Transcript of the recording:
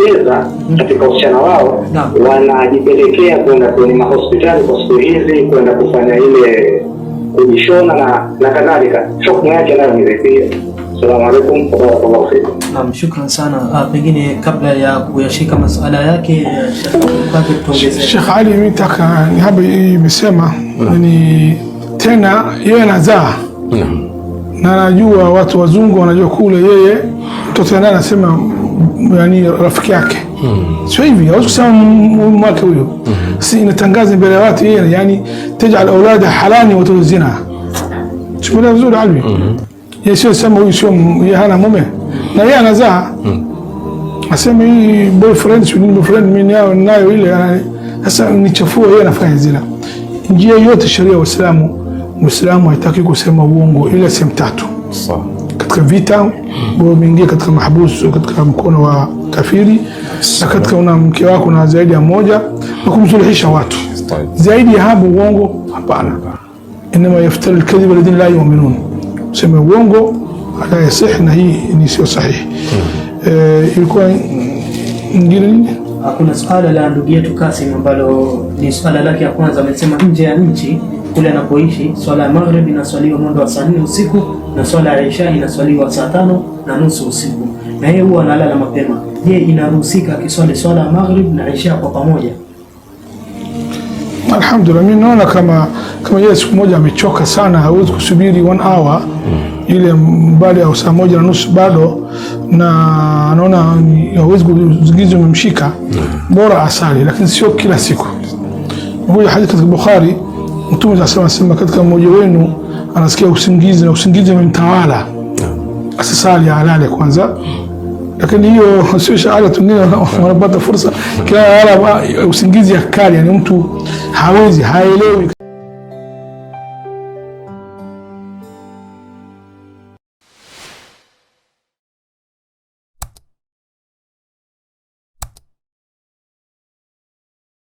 Uingereza mm. katika usichana wao wanajipelekea kwenda kwenye mahospitali kwa siku hizi kwenda kufanya ile kujishona na na kadhalika. Shauku yake nayo ni pia. Naam, shukran sana. Ah, pengine kabla ya kuyashika masuala yake eh, Sheikh Ali, mimi nataka ni hapa imesema ni tena yeye anazaa na najua watu wazungu wanajua kule yeye mtoto naye anasema yani rafiki yake mm. Sio hivi, hawezi kusema mume wake huyo mm. Si inatangaza mbele ya watu yeye, yani tajal aulada halani wa tuzina chukua vizuri alwi mm. Yeye sio sema huyu sio yeye, hana mume na yeye anazaa mm. Asema hii boyfriend sio boyfriend, mimi nayo nayo ile. Sasa nichafua yeye, anafanya zina njia yote. Sheria ya Uislamu, Muislamu haitaki kusema uongo ila sehemu tatu sawa katika vita, wewe umeingia katika mahabusu katika mkono wa kafiri, na katika una mke wako na zaidi ya moja, na kumsuluhisha watu zaidi ya hapo. Uongo hapana, Inama yaftari alkadhiba alladhina la yu'minun, sema uongo hata yasih, na hii ni sio sahihi. Eh, ilikuwa ingine nini? Kuna swala la ndugu yetu Kasim ambalo ni swala lake ya kwanza, amesema nje ya nchi kule anapoishi. Swala ya maghrib inaswaliwa mwendo wa saa nne usiku na swala ya isha inaswaliwa saa tano na nusu usiku, na yeye huwa analala mapema. Je, inaruhusika akiswali swala ya maghrib na isha kwa pamoja? Alhamdulillah, mimi naona kama kama yeye siku moja amechoka sana, hawezi kusubiri one hour ile mbali ya saa moja na nusu bado, na anaona hawezi uzingizi umemshika, bora asali, lakini sio kila siku. Huyu hadithi katika Bukhari Mtume anasema sema katika mmoja wenu anasikia usingizi na usingizi umemtawala asisali alale kwanza, lakini hiyo sio shahada Tungine wanapata fursa kila usingizi akali, yani mtu hawezi haelewi.